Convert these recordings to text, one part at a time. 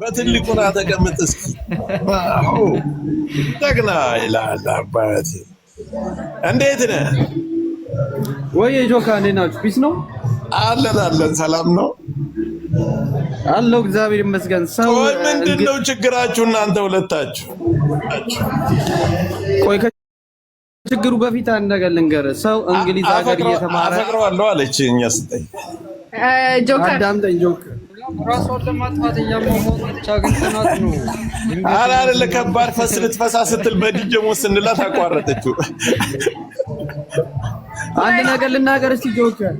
በትልቁ ና ተቀምጥ እስኪ ጠቅና ይላል አባት። እንዴት ነ ወይ ጆካ እንዴት ናችሁ? ፒስ ነው አለን አለን። ሰላም ነው አለው። እግዚአብሔር ይመስገን። ሰው ምንድን ነው ችግራችሁ እናንተ ሁለታችሁ? ቆይ ከችግሩ በፊት አንድ ነገር ልንገርህ። ሰው እንግሊዝ ሀገር እየተማረ አፈቅረዋለሁ አለች። እኛ ስጠኝ አዳምጠኝ ጆካ ራሷን ለማጥፋት ጥናት ነው። ከባድ ፈስ ልትፈሳ ስትል ስንላት አቋረጠችው። አንድ ነገር ልናገር እስቲ ጆከር፣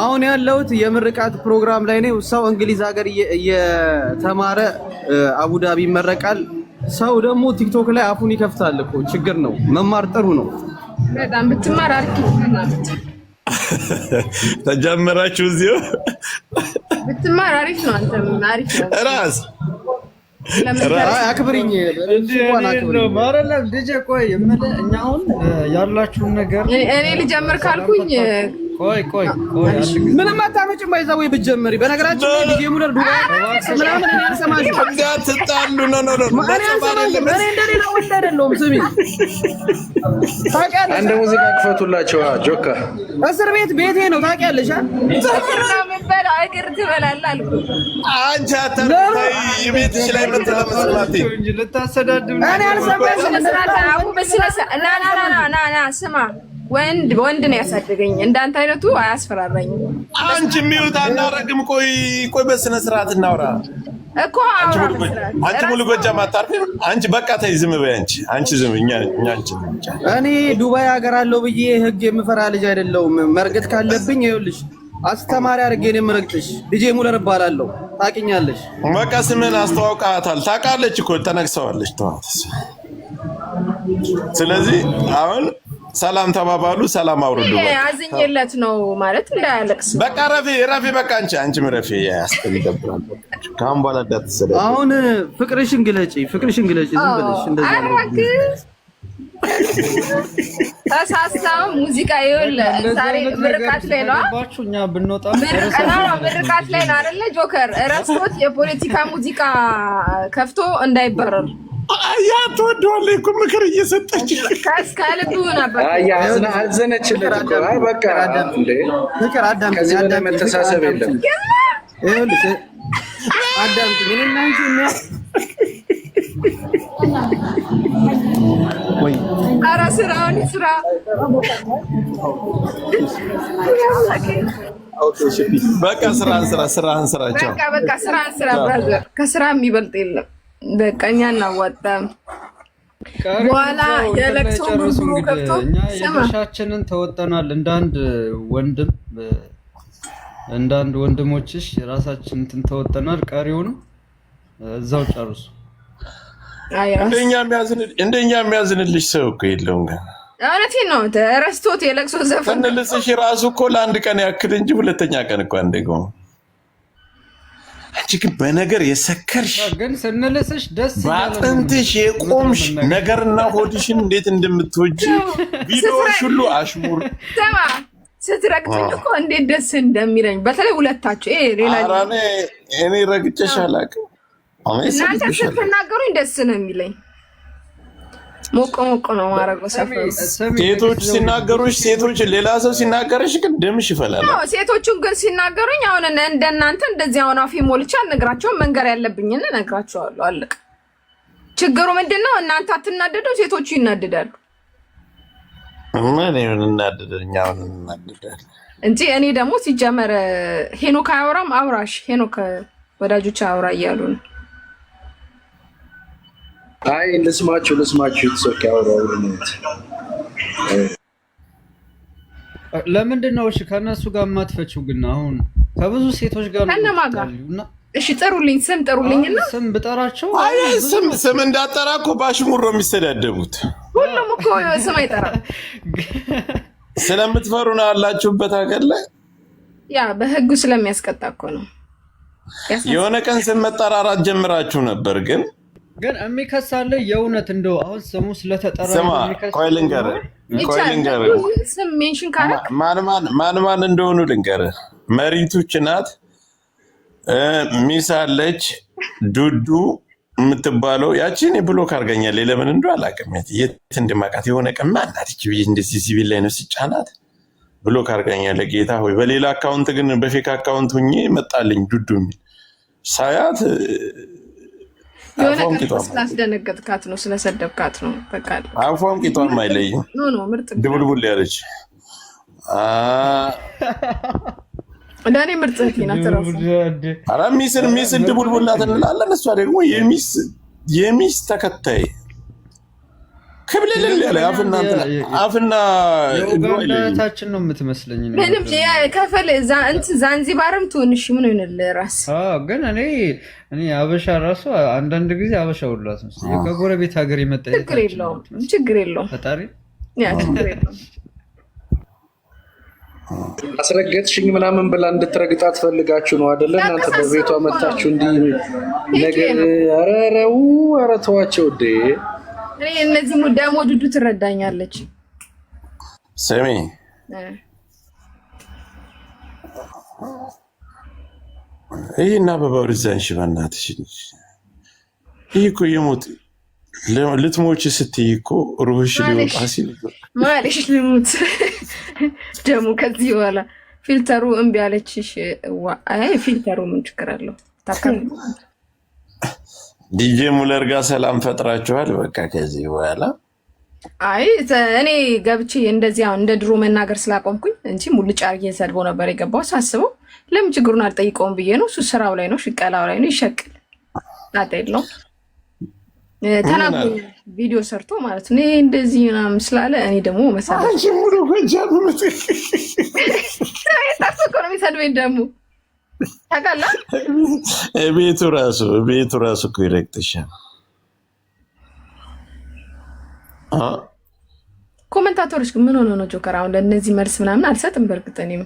አሁን ያለሁት የምርቃት ፕሮግራም ላይ ነው። ሰው እንግሊዝ ሀገር እየተማረ አቡዳቢ ይመረቃል። ሰው ደግሞ ቲክቶክ ላይ አፉን ይከፍታል እኮ ችግር ነው። መማር ጥሩ ነው። በጣም ብትማር ነው። ተጀመራችሁ እዚሁ ብትማር አሪፍ ነው። አንተም አሪፍ ነው። ራስ አክብሪኝ ቆይ እኛ አሁን ያላችሁን ነገር እኔ ልጀምር ካልኩኝ ቆይ ቆይ ቆይ፣ ምንም አታመጭም። አይዛ ወይ ብትጀምሪ በነገራችን ላይ ዲጄ ሙለር ነው ነው ነው። አንድ ሙዚቃ ክፈቱላቸው። ጆካ እስር ቤት ቤቴ ነው ታውቂያለሽ። ላይ ስማ ወንድ ወንድ ነው ያሳደገኝ። እንዳንተ አይነቱ አያስፈራራኝም። አንቺ የሚወጣ እናረግም። ቆይ ቆይ፣ በስነ ስርዓት እናውራ እኮ አንቺ ሙሉ ጎጃም አታርፊም። አንቺ በቃ ተይ፣ ዝም በይ አንቺ አንቺ ዝም እኛ እኛ አንቺ እኔ ዱባይ ሀገር አለው ብዬ ህግ የምፈራ ልጅ አይደለሁም። መርገጥ ካለብኝ ይኸውልሽ አስተማሪ አድርጌ ነው የምረግጥሽ። ልጄ ሙለር እባላለሁ። ታውቂኛለሽ። በቃ ስምን አስተዋውቃታል። ታውቃለች እኮ ተነግሰዋለች። ተዋት። ስለዚህ አሁን ሰላም ተባባሉ። ሰላም አውርዱ። አዝኝለት ነው ማለት እንዳያለቅስ። በቃ ረፊ ረፊ፣ በቃ አንቺ አንቺም ረፊ። ከአሁን በኋላ እንዳትሰደ። አሁን ፍቅርሽን ግለጪ፣ ፍቅርሽን ግለጪ። ዝም ብለሽ እንደዛ ነው። ተሳሳው ሙዚቃ ይውል ዛሬ ምርቃት ላይ ነው። እኛ ብንወጣ ምርቃት ላይ ነው አይደለ? ጆከር እረስቶት የፖለቲካ ሙዚቃ ከፍቶ እንዳይበረር ያ ትወደዋለህ እኮ ምክር እየሰጠች ከልብ አዘነችለት መተሳሰብ የለም። ኧረ ስራውን ስራ በቃ ስራን ስራ ስራን ስራን ስራ ከስራ የሚበልጥ የለም። በቃ እኛ እናዋጣም። በኋላ የለቅሶ ሙሉ ገብቶ የድርሻችንን ተወጠናል። እንዳንድ ወንድም እንዳንድ ወንድሞችሽ የራሳችን እንትን ተወጠናል። ቀሪውን እዛው ጨርሱ። እንደኛ የሚያዝንልሽ ሰው እኮ የለውም። እውነቴን ነው። ተረስቶት የለቅሶ ዘፈን ልስሽ ራሱ እኮ ለአንድ ቀን ያክል እንጂ ሁለተኛ ቀን እኮ አንደገውም አንቺ ግን በነገር የሰከርሽ በአጥንትሽ የቆምሽ ነገርና ሆድሽን እንዴት እንደምትወጂ ቪዲዮዎች ሁሉ አሽሙር ስትረግጥኝ እኮ እንዴት ደስ እንደሚለኝ በተለይ ሁለታችሁ እኔ ረግጬሽ አላውቅም። እናንተ ስትናገሩኝ ደስ ነው የሚለኝ። ሞቆ ሞቆ ነው ማድረግ ሰፈር ሴቶች ሲናገሩሽ፣ ሴቶች ሌላ ሰው ሲናገርሽ ግን ደምሽ ይፈላል። ሴቶቹን ግን ሲናገሩኝ አሁን እንደናንተ እንደዚህ አሁን አፌ ሞልቼ አልነግራቸውም። መንገር ያለብኝን እነግራቸዋለሁ። አለቀ። ችግሩ ምንድን ነው? እናንተ አትናደደው፣ ሴቶቹ ይናደዳሉ። እኔ ምን ይሁን አሁን እናደዳል እንጂ እኔ ደግሞ ሲጀመር ሄኖክ አያወራም። አውራሽ ሄኖክ ወዳጆች አውራ እያሉ ነው አይ ልስማችሁ ልስማችሁ የተሰኪ አውራ ለምንድን ነው? እሺ ከእነሱ ጋር የማትፈችው ግን አሁን ከብዙ ሴቶች ጋር ከነማ ጋር እሺ ጥሩልኝ፣ ስም ጥሩልኝ ስም ብጠራቸው ስም ስም እንዳጠራ እኮ በአሽሙር ነው የሚሰዳደቡት። ሁሉም እኮ ስም አይጠራም። ስለምትፈሩ ነው ያላችሁበት ሀገር ላይ ያ በህጉ ስለሚያስቀጣ እኮ ነው። የሆነ ቀን ስም መጠራራት ጀምራችሁ ነበር ግን ግን የሚከሳለ የእውነት እንደው አሁን ስሙ ስለተጠራ ቆይ ልንገርህ፣ ቆይ ልንገርህ ማን ማን እንደሆኑ ልንገር። መሪቱች ናት፣ ሚሳለች፣ ዱዱ የምትባለው ያችን ብሎክ አድርገኛል። ለምን እንዶ አላውቅም፣ የት እንድማቃት የሆነ ቀን ማናትች ብዬ እንደዚህ ሲቪል ላይ ነው ሲጫናት ብሎክ አድርገኛል። ጌታ ሆይ በሌላ አካውንት ግን በፌክ አካውንት ሁኜ መጣልኝ ዱዱ ሳያት የሆነ ቀን ስላስደነገጥካት ነው ስለሰደብካት ነው። በቃ አፏም ቂጧም ድቡልቡል ያለች ምርጥ ሚስን ሚስን ድቡልቡላት እንላለን። እሷ ደግሞ የሚስ ተከታይ አፍና ታችን ነው የምትመስለኝ። ምንም ከፈለ ዛንዚባርም ትሆንሽ ምን ሆንል ራስ ግን እኔ እኔ አበሻ ራሱ አንዳንድ ጊዜ አበሻ ውላት ምስ ከጎረቤት ሀገር የመጣ ችግር የለውም። ፈጣሪ አስረገጥሽኝ ምናምን ብላ እንድትረግጣ ትፈልጋችሁ ነው አደለ? እናንተ በቤቷ መታችሁ እንዲህ ነገር ኧረ ኧረ ተዋቸው ዴ እኔ እነዚህ ደግሞ ዱዱ ትረዳኛለች። ስሚ ይህ እና አበባው ርዛንሽ በእናትሽ ይህ እኮ የሞት ልትሞች ስትይ እኮ ሩህሽ ሊወጣ ሲል ማለሽ ልሙት ደግሞ ከዚህ በኋላ ፊልተሩ እምቢ አለችሽ። ፊልተሩ ምን ችግር አለው? ታካ ዲጄ ሙለር ጋር ሰላም ፈጥራችኋል። በቃ ከዚህ በኋላ አይ እኔ ገብቼ እንደዚህ አሁን እንደ ድሮ መናገር ስላቆምኩኝ እንጂ ሙልጭ አርጌ ሰድቦ ነበር የገባው። ሳስበው ለምን ችግሩን አልጠይቀውም ብዬ ነው። እሱ ስራው ላይ ነው፣ ሽቀላው ላይ ነው። ይሸቅል ጣጣ የለውም። ተናግሮ ቪዲዮ ሰርቶ ማለት ነው እንደዚህ ምናምን ስላለ እኔ ደግሞ መሳ ሙሉ ጃ ነው ደግሞ ታውቃለህ። ቤቱ ራሱ ቤቱ ራሱ እኮ ይረግጥሻል። ኮመንታቶሮች ምን ሆነ ነው ጆከር? አሁን ለእነዚህ መልስ ምናምን አልሰጥም። በእርግጥ እኔም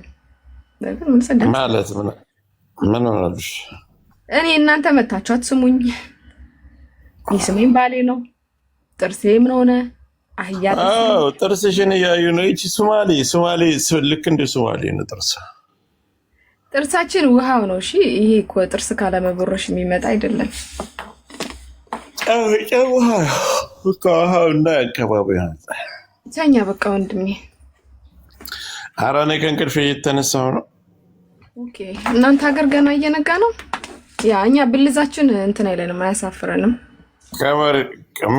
ማለት ምን ሆነልሽ? እኔ እናንተ መታችሁ አትስሙኝ። ይህ የስሜን ባሌ ነው ጥርሴ ምን ሆነ አህያ ጥርስሽን እያዩ ነው። ይቺ ሱማሌ ሱማሌ ልክ እንደ ሱማሌ ነው ጥርሳ ጥርሳችን ውሃው ነው። እሺ ይሄ እኮ ጥርስ ካለመቦረሽ የሚመጣ አይደለም። ውሃውና አካባቢ ዛኛ በቃ ወንድሜ፣ ኧረ እኔ ከእንቅልፍ እየተነሳሁ ነው። እናንተ ሀገር ገና እየነጋ ነው። ያ እኛ ብልዛችን እንትን አይለንም፣ አያሳፍረንም።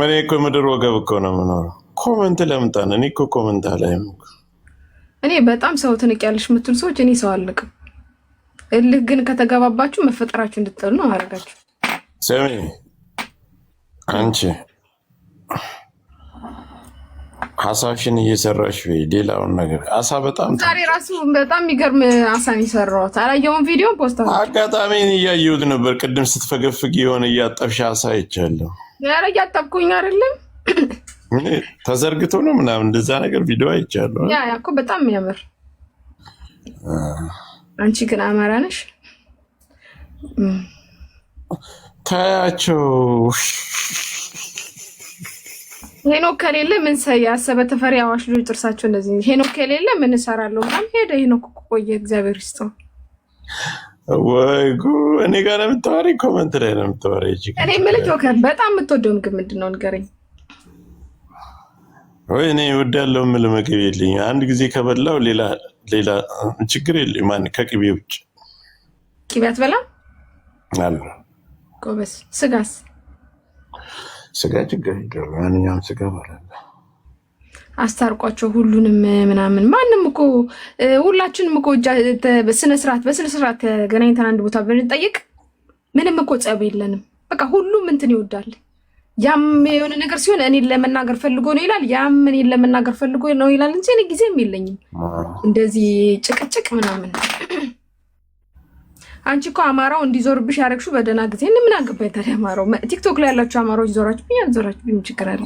እኔ እኮ ምድር ወገብ እኮ ነው የምኖረው። ኮመንት ለምጣን። እኔ እኮ ኮመንት አላይም። እኔ በጣም ሰው ትንቅ ያለሽ የምትሉ ሰዎች እኔ ሰው አልቅም እልህ ግን ከተገባባችሁ መፈጠራችሁ እንድትጠሉ ነው ማድረጋችሁ። ስሚ አንቺ ሀሳብሽን እየሰራሽ ወይ ሌላውን ነገር አሳ በጣም ዛሬ ራሱ በጣም የሚገርም አሳን የሰራሁት አላየውን ቪዲዮ ፖስት አጋጣሚ እያየሁት ነበር። ቅድም ስትፈገፍግ የሆነ እያጠብሽ አሳ ይቻለሁ። ያረ እያጠብኩኝ አይደለም ተዘርግቶ ነው ምናምን እንደዛ ነገር ቪዲዮ አይቻለሁ። ያ ያኮ በጣም የሚያምር አንቺ ግን አማራ ነሽ። ታያቸው ሄኖክ ከሌለ ምን ያሰበ ተፈሪ አዋሽ ልጅ ጥርሳቸው እንደዚህ ሄኖክ ከሌለ ምን እሰራለሁ ምናምን ሄደ። ሄኖክ ቆየ። እግዚአብሔር ይስጠው። ወይ እኔ ጋር ነው ኮመንት ላይ ነው የምታወሪ። እኔ ምልክ ጆከር በጣም የምትወደው ምግብ ምንድን ነው ንገረኝ። ወይ እኔ እወዳለሁ የምልህ ምግብ የለኝም። አንድ ጊዜ ከበላው ሌላ ሌላ ችግር የለ። ማን ከቅቤ ውጭ ቅቤ አትበላም አለ ጎበዝ። ስጋስ? ስጋ ችግር የለም። ማንኛውም ስጋ እበላለሁ። አስታርቋቸው ሁሉንም ምናምን። ማንም እኮ ሁላችንም እኮ ስነስርዓት በስነስርዓት ተገናኝተን አንድ ቦታ ብንጠይቅ ምንም እኮ ጸብ የለንም። በቃ ሁሉም እንትን ይወዳል። ያም የሆነ ነገር ሲሆን እኔን ለመናገር ፈልጎ ነው ይላል። ያም እኔን ለመናገር ፈልጎ ነው ይላል እንጂ እኔ ጊዜም የለኝም እንደዚህ ጭቅጭቅ ምናምን። አንቺ እኮ አማራው እንዲዞርብሽ ያደረግሽው በደህና ጊዜ ምን አገባኝ ታዲያ። አማራው ቲክቶክ ላይ ያላችሁ አማራዎች ዞራችሁብኝ አልዞራችሁብኝ ምን ችግር አለ?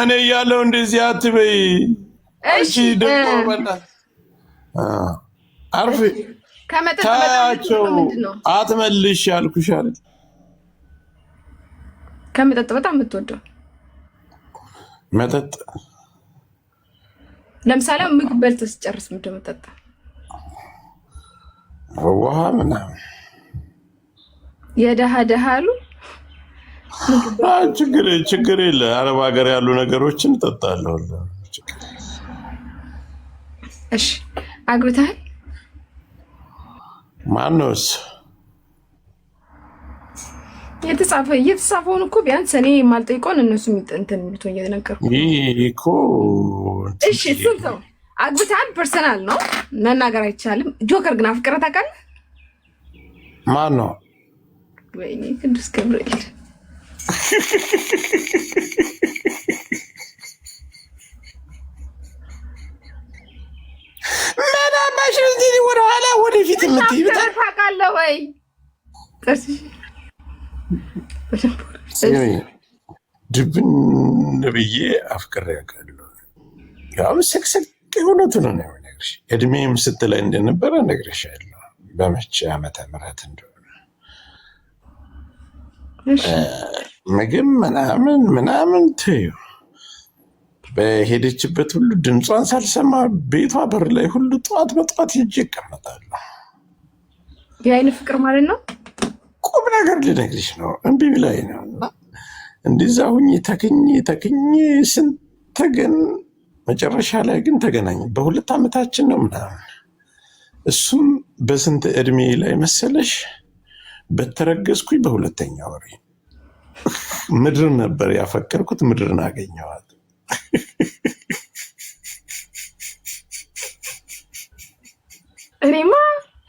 እኔ እያለሁ እንደዚህ አትበይ። እሺ ደግሞ አርፌ ከመጠጥ ምንድን ነው አትመልሽ ያልኩሻል ከመጠጥ በጣም የምትወደው መጠጥ ለምሳሌ ምግብ በልተህ ስጨርስ ምንድን ነው የምጠጣው? ውሃ ምናምን። የደሃ ደሃ አሉ ችግር ችግር የለ። አረብ ሀገር ያሉ ነገሮችን እጠጣለሁ። እሺ አግብተሃል? ማነውስ የተጻፈ እየተጻፈውን እኮ ቢያንስ እኔ የማልጠይቀውን እነሱ የሚጠንትን የሚሉት እየነገርኩህ እኮ። እሺ እሱን ሰው አግብተሃል፣ ፐርሰናል ነው መናገር አይቻልም። ጆከር ግን አፍቅረህ ታውቃለህ? ማን ነው? ወይኔ ቅዱስ ገብርኤል ወደኋላ ወደፊት የምትይ ታውቃለህ ወይ? ድብን ብዬ አፍቅሬ አውቃለሁ። ያም ስቅስቅ የሆነቱን ነው የምነግርሽ። እድሜም ስትለኝ እንደነበረ እነግርሻለሁ በመቼ ዓመተ ምሕረት እንደሆነ ምግብ ምናምን ምናምን ትዩ በሄደችበት ሁሉ ድምጿን ሳልሰማ ቤቷ በር ላይ ሁሉ ጠዋት በጠዋት ሂጅ ይቀመጣሉ። የአይን ፍቅር ማለት ነው። ቁም ነገር ልነግርሽ ነው። እምቢ ብላኝ ነው እና እንደዛ ሁኝ ተክኝ ተክኝ ስንት ግን መጨረሻ ላይ ግን ተገናኝ። በሁለት ዓመታችን ነው ምናምን እሱም በስንት እድሜ ላይ መሰለሽ በተረገዝኩኝ በሁለተኛ ወሬ ምድር ነበር ያፈቀርኩት፣ ምድርን አገኘዋት። እኔማ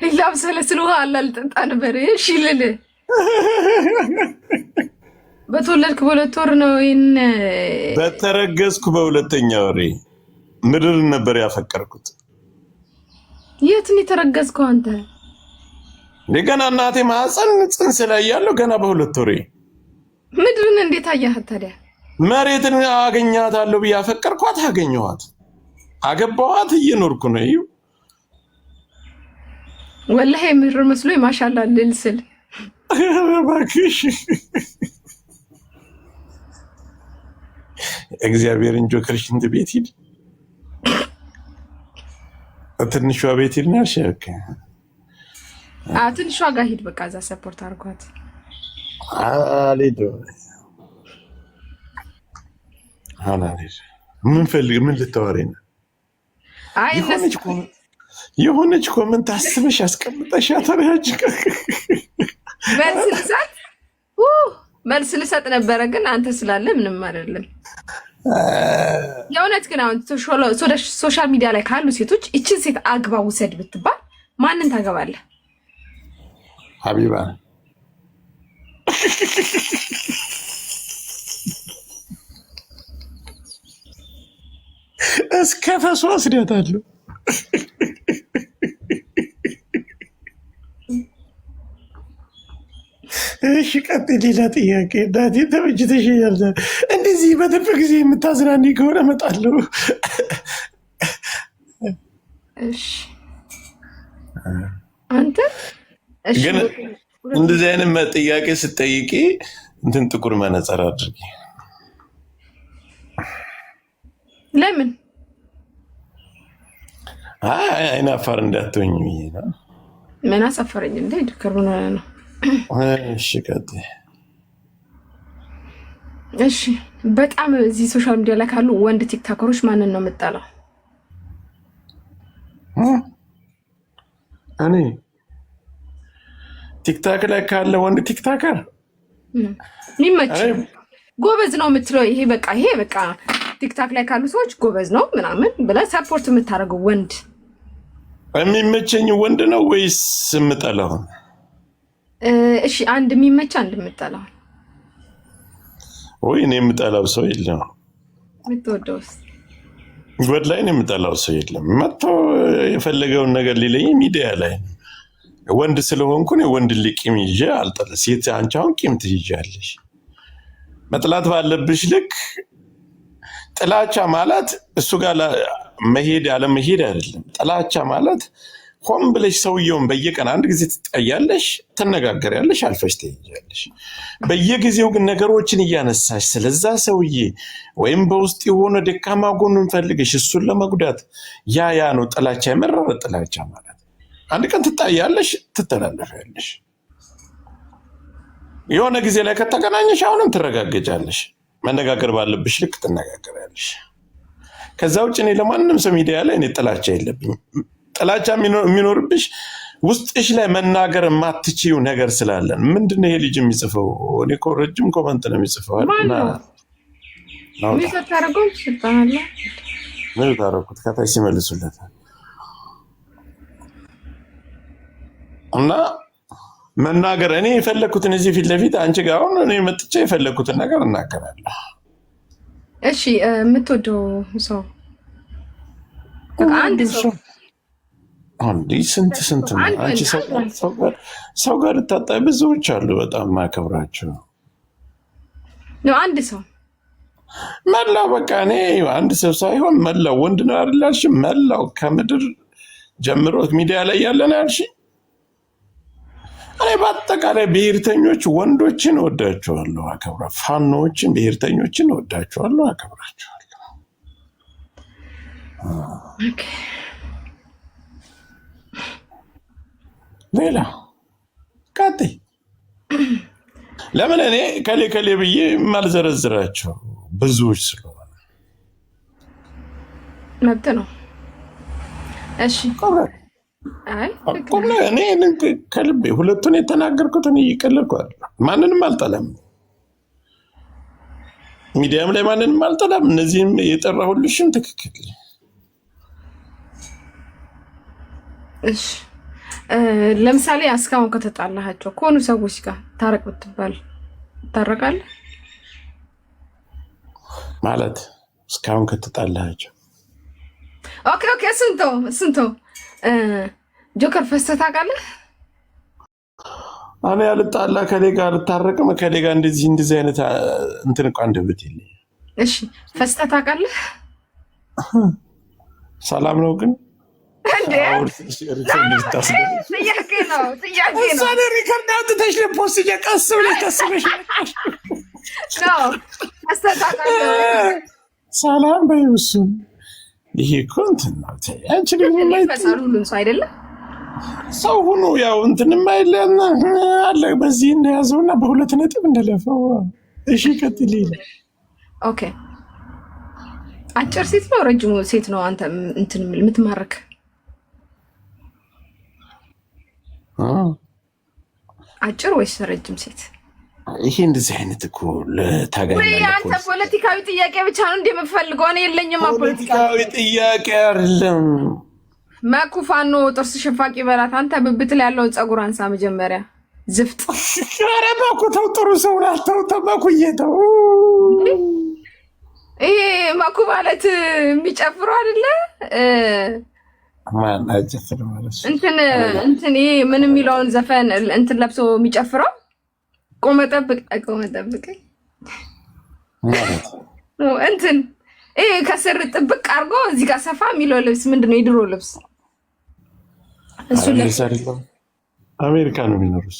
ሌላ መሰለ ስለውሃ አላልጠጣ ነበር ሽልልህ በተወለድክ በሁለት ወር ነው ይህን በተረገዝኩ በሁለተኛ ወሬ ምድር ነበር ያፈቀርኩት። የት ነው የተረገዝከው አንተ? ገና እናቴ ማህፀን ጽንስ ላይ ያለው ገና በሁለት ወሬ። ምድርን እንዴት አያህት ታዲያ? መሬትን አገኛታለሁ ብዬ አፈቀርኳት፣ አገኘኋት፣ አገባኋት፣ እየኖርኩ ነው። ይኸው ወላሂ ምድር መስሎ ማሻላ ልልስል እግዚአብሔርን ጆከር ሽንት ቤት ሂድ፣ ትንሿ ቤት ሂድ ናሽ ትንሿ ጋር ሂድ። በቃ እዛ ሰፖርት አድርጓት። ምን ፈልግ ምን ልታወሪ ነው? የሆነች ኮመንት አስበሽ አስቀምጠሻ ተሪያጅ መልስ ልሰጥ መልስ ልሰጥ ነበረ፣ ግን አንተ ስላለ ምንም አይደለም። የእውነት ግን አሁን ሶሻል ሚዲያ ላይ ካሉ ሴቶች እችን ሴት አግባ ውሰድ ብትባል ማንን ታገባለህ? ሀቢባ እስከ ፈሷ እሺ ቀጥይ። ሌላ ጥያቄ እናቴ ተመችተሽ እያለ እንደዚህ በትርፍ ጊዜ የምታዝናኒ ከሆነ እመጣለሁ። ግን እንደዚህ አይነት ጥያቄ ስጠይቂ እንትን ጥቁር መነጸር አድርጊ። ለምን አይ አይን አፋር እንዳትሆኝ ነው። ምን አሳፈረኝ እንደ ድክር ነው እሺ በጣም እዚህ ሶሻል ሚዲያ ላይ ካሉ ወንድ ቲክታከሮች ማንን ነው የምጠላው? እኔ ቲክታክ ላይ ካለ ወንድ ቲክታከር ሚመች ጎበዝ ነው የምትለው ይሄ በቃ ይሄ በቃ ቲክታክ ላይ ካሉ ሰዎች ጎበዝ ነው ምናምን ብለህ ሰፖርት የምታደርገው ወንድ የሚመቸኝ ወንድ ነው ወይስ የምጠላው? እሺ አንድ የሚመች አንድ የምጠላው ወይ? እኔ የምጠላው ሰው የለም። የምትወደውስ? ጎድ ላይ የምጠላው ሰው የለም። መጥቶ የፈለገውን ነገር ሊለኝ ሚዲያ ላይ ወንድ ስለሆንኩ ወንድ ቂም ይዤ አልጠለ ሴት አንቺ አሁን ቂም ትይዣለሽ። መጥላት ባለብሽ ልክ ጥላቻ ማለት እሱ ጋር መሄድ ያለመሄድ አይደለም። ጥላቻ ማለት ሆን ብለሽ ሰውየውን በየቀን አንድ ጊዜ ትጠያለሽ፣ ትነጋገሪያለሽ፣ አልፈሽ ትሄጃለሽ። በየጊዜው ግን ነገሮችን እያነሳሽ ስለዛ ሰውዬ ወይም በውስጥ የሆነ ደካማ ጎኑን ፈልገሽ እሱን ለመጉዳት ያ ያ ነው ጥላቻ፣ የመረረ ጥላቻ ማለት አንድ ቀን ትጣያለሽ፣ ትተላለፊያለሽ። የሆነ ጊዜ ላይ ከተገናኘሽ አሁንም ትረጋገጫለሽ። መነጋገር ባለብሽ ልክ ትነጋገሪያለሽ። ከዛ ውጭ እኔ ለማንም ሰው ሚዲያ ላይ እኔ ጥላቻ የለብኝም። ጥላቻ የሚኖርብሽ ውስጥሽ ላይ መናገር የማትችይው ነገር ስላለን። ምንድን ነው ይሄ ልጅ የሚጽፈው? እኔ እኮ ረጅም ኮመንት ነው የሚጽፈው። ምን ታረኩት? ከታች ሲመልሱለታል እና መናገር እኔ የፈለግኩትን እዚህ ፊት ለፊት አንቺ ጋር አሁን እኔ መጥቼ የፈለግኩትን ነገር እናገራለሁ። እሺ የምትወደው ሰው አንድ ሰው አንዲ ስንት ስንት ነው አንቺ ሰው ጋር ልታጣይ ብዙዎች አሉ። በጣም ማከብራቸው አንድ ሰው መላው በቃ እኔ አንድ ሰው ሳይሆን መላው ወንድ ነው አይደላሽ? መላው ከምድር ጀምሮ ሚዲያ ላይ ያለን ያልሽ እኔ በአጠቃላይ ብሔርተኞች ወንዶችን ወዳቸዋለሁ፣ አከብራ ፋኖዎችን ብሔርተኞችን ወዳቸዋለሁ፣ አከብራቸዋለሁ። ሌላ ቀጥይ ለምን እኔ ከሌ ከሌ ብዬ የማልዘረዝራቸው ብዙዎች ስለሆነ መብት ነው። እሺ እኔ ከልቤ ሁለቱን የተናገርኩትን እየቀለድኩ ማንንም አልጠለም፣ ሚዲያም ላይ ማንንም አልጠላም። እነዚህም የጠራ ሁሉሽም ትክክል ለምሳሌ እስካሁን ከተጣላሃቸው ከሆኑ ሰዎች ጋር ታረቅ ብትባል ታረቃለህ ማለት እስካሁን ከተጣላሃቸው። ኦኬ ኦኬ። ስንቶ ስንቶ ጆከር ፈስተ ታውቃለህ? እኔ አልጣላ ከሌ ጋር አልታረቅም ከሌ ጋር እንደዚህ እንደዚህ አይነት እንትን እኮ አንድ የለኝም። እሺ ፈስተህ ታውቃለህ? ሰላም ነው ግን ጥያቄ ነው ጥያቄ ነው። ሪከርድ አውጥተሽ ቀስ ብለሽ ሰላም በይው። እሱን ይሄ እኮ እንትን ነው። አንቺ ደግሞ ሰው አይደለም ሰው ሁኑ። ያው እንትንም አይለና አለ በዚህ እንደያዘውና በሁለት ነጥብ እንደለፈው። እሺ ቀጥል። ኦኬ አጭር ሴት ነው ረጅሙ ሴት ነው? አንተ እንትን የምትማርክ አጭር ወይስ ረጅም ሴት? ይሄ እንደዚህ አይነት እኮ ለታጋይ አንተ ፖለቲካዊ ጥያቄ ብቻ ነው እንደምፈልገው እኔ የለኝም። ፖለቲካዊ ጥያቄ አይደለም። መኩ ፋኖ ጥርስ ሽፋቂ በላት። አንተ ብብት ላይ ያለውን ፀጉር አንሳ መጀመሪያ ዝፍጥ። ኧረ መኩ ተው፣ ጥሩ ሰው ናት። ተው ተው መኩዬ ተው። ይሄ መኩ ማለት የሚጨፍሩ አይደለ እንትን እንትን ይሄ ምን የሚለውን ዘፈን እንትን ለብሶ የሚጨፍረው ቆመ ጠብቅ ቆመ ጠብቅ እንትን ይሄ ከስር ጥብቅ አድርጎ እዚህ ጋር ሰፋ የሚለው ልብስ ምንድን ነው? የድሮ ልብስ እሱ አሜሪካ ነው የሚኖሩት።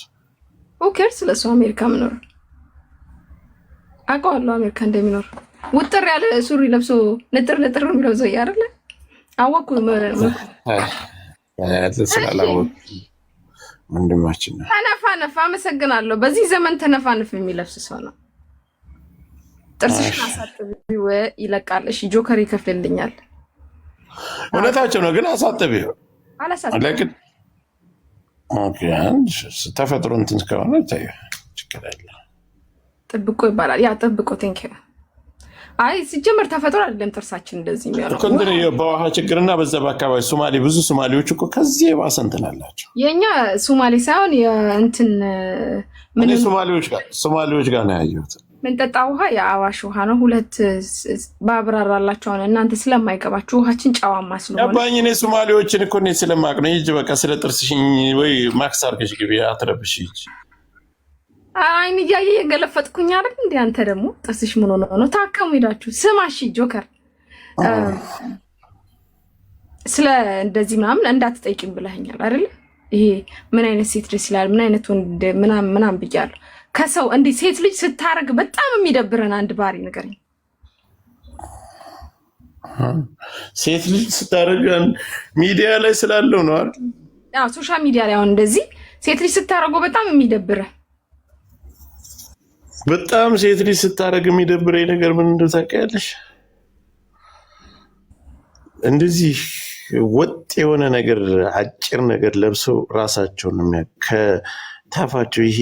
ኦኬ ስለሱ አሜሪካ ምኖር አውቀዋለሁ። አሜሪካ እንደሚኖር ውጥር ያለ ሱሪ ለብሶ ንጥር ንጥር የሚለው ዘው አይደለ አወቁ ስላላወኩ ወንድማችን ነው። ተነፋነፍ አመሰግናለሁ። በዚህ ዘመን ተነፋነፍ የሚለብስ ሰው ነው። ጥርስሽን አሳጥቢው ይለቃለሽ፣ ጆከር ይከፍልልኛል። እውነታቸው ነው ግን አሳጥቢው አላሳጥቢው ተፈጥሮ እንትን ከሆነ ይታየ ጥብቆ ይባላል። ያ ጥብቆ ቴንኪው አይ ሲጀመር ተፈጥሮ አይደለም ጥርሳችን እንደዚህ የሚያደርጉ በውሃ ችግርና በዛ በአካባቢ ሶማሌ ብዙ ሶማሌዎች እኮ ከዚህ የባሰ እንትን አላቸው። የእኛ ሶማሌ ሳይሆን እንትን ምን ሶማሌዎች ጋር ነው ያየሁት። ምንጠጣ ውሃ የአዋሽ ውሃ ነው። ሁለት ባብራራላቸው እናንተ ስለማይገባችሁ ውሃችን ጨዋማ ስለሆነ አባኝ እኔ ሶማሌዎችን እኮ እኔ ስለማቅ ነው። ይጅ በቃ ስለ ጥርስሽኝ ወይ ማክስ አድርገሽ ግቢ አትረብሽ ይጅ አይን እያየ የገለፈጥኩኝ አይደል እንዴ? አንተ ደግሞ ጥርስሽ ምን ሆነ ነው? ታከሙ ሄዳችሁ። ስማሽ ጆከር፣ ስለ እንደዚህ ምናምን እንዳትጠይቂም ብለኸኛል አይደል? ይሄ ምን አይነት ሴት ደስ ይላል፣ ምን አይነት ወንድ ምናምን ምናምን ብያለሁ። ከሰው እንዲህ ሴት ልጅ ስታረግ በጣም የሚደብረን አንድ ባህሪ ንገረኝ። ሴት ልጅ ስታረግ ሚዲያ ላይ ስላለው ነው አይደል? አዎ ሶሻል ሚዲያ ላይ አሁን እንደዚህ ሴት ልጅ ስታረገው በጣም የሚደብረን በጣም ሴት ልጅ ስታደርግ የሚደብረኝ ነገር ምን እንደው ታውቂያለሽ? እንደዚህ ወጥ የሆነ ነገር አጭር ነገር ለብሰው ራሳቸውን ከታፋቸው ይሄ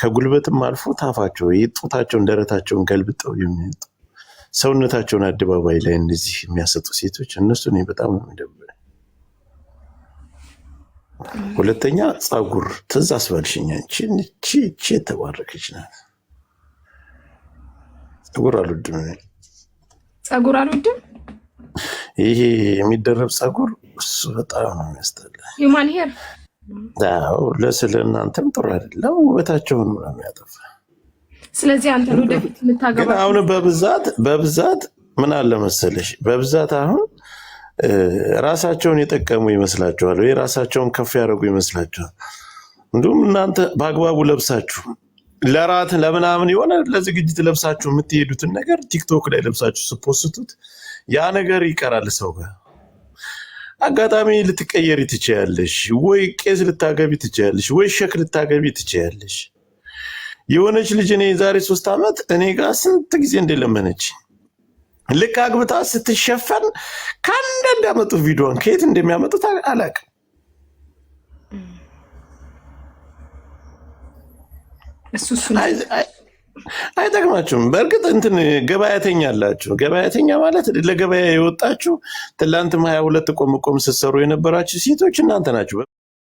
ከጉልበትም አልፎ ታፋቸው ጡታቸውን፣ ደረታቸውን ገልብጠው የሚወጡ ሰውነታቸውን አደባባይ ላይ እንደዚህ የሚያሰጡ ሴቶች እነሱ እኔ በጣም ነው የሚደብረኝ። ሁለተኛ ፀጉር ትዝ አስባልሽኛ ቺ ቺ የተባረከች ናት። ጸጉር አልወድም። ጸጉር አልወድም። ይሄ የሚደረብ ጸጉር እሱ በጣም ነው የሚያስጠላ። ሂውማን ሄር ለስለ እናንተም ጥሩ አይደለም፣ ውበታቸውን ነው የሚያጠፋ። ስለዚህ አንተ ወደፊት የምታገባ አሁን በብዛት በብዛት ምን አለ መሰለሽ፣ በብዛት አሁን ራሳቸውን የጠቀሙ ይመስላችኋል ወይ ራሳቸውን ከፍ ያደረጉ ይመስላችኋል? እንዲሁም እናንተ በአግባቡ ለብሳችሁ ለራት ለምናምን የሆነ ለዝግጅት ለብሳችሁ የምትሄዱትን ነገር ቲክቶክ ላይ ለብሳችሁ ስፖስቱት ያ ነገር ይቀራል ሰው ጋር። አጋጣሚ ልትቀየሪ ትችያለሽ፣ ወይ ቄስ ልታገቢ ትችያለሽ፣ ወይ ሸክ ልታገቢ ትችያለሽ። የሆነች ልጅ እኔ ዛሬ ሶስት ዓመት እኔ ጋር ስንት ጊዜ እንደለመነች ልክ አግብታ ስትሸፈን ከአንዳንድ ያመጡ ቪዲዮን ከየት እንደሚያመጡት አላውቅም። እሱ እሱ አይጠቅማችሁም። በእርግጥ እንትን ገበያተኛ አላችሁ። ገበያተኛ ማለት ለገበያ የወጣችሁ ትላንትም ሀያ ሁለት ቆምቆም ስትሰሩ የነበራችሁ ሴቶች እናንተ ናችሁ።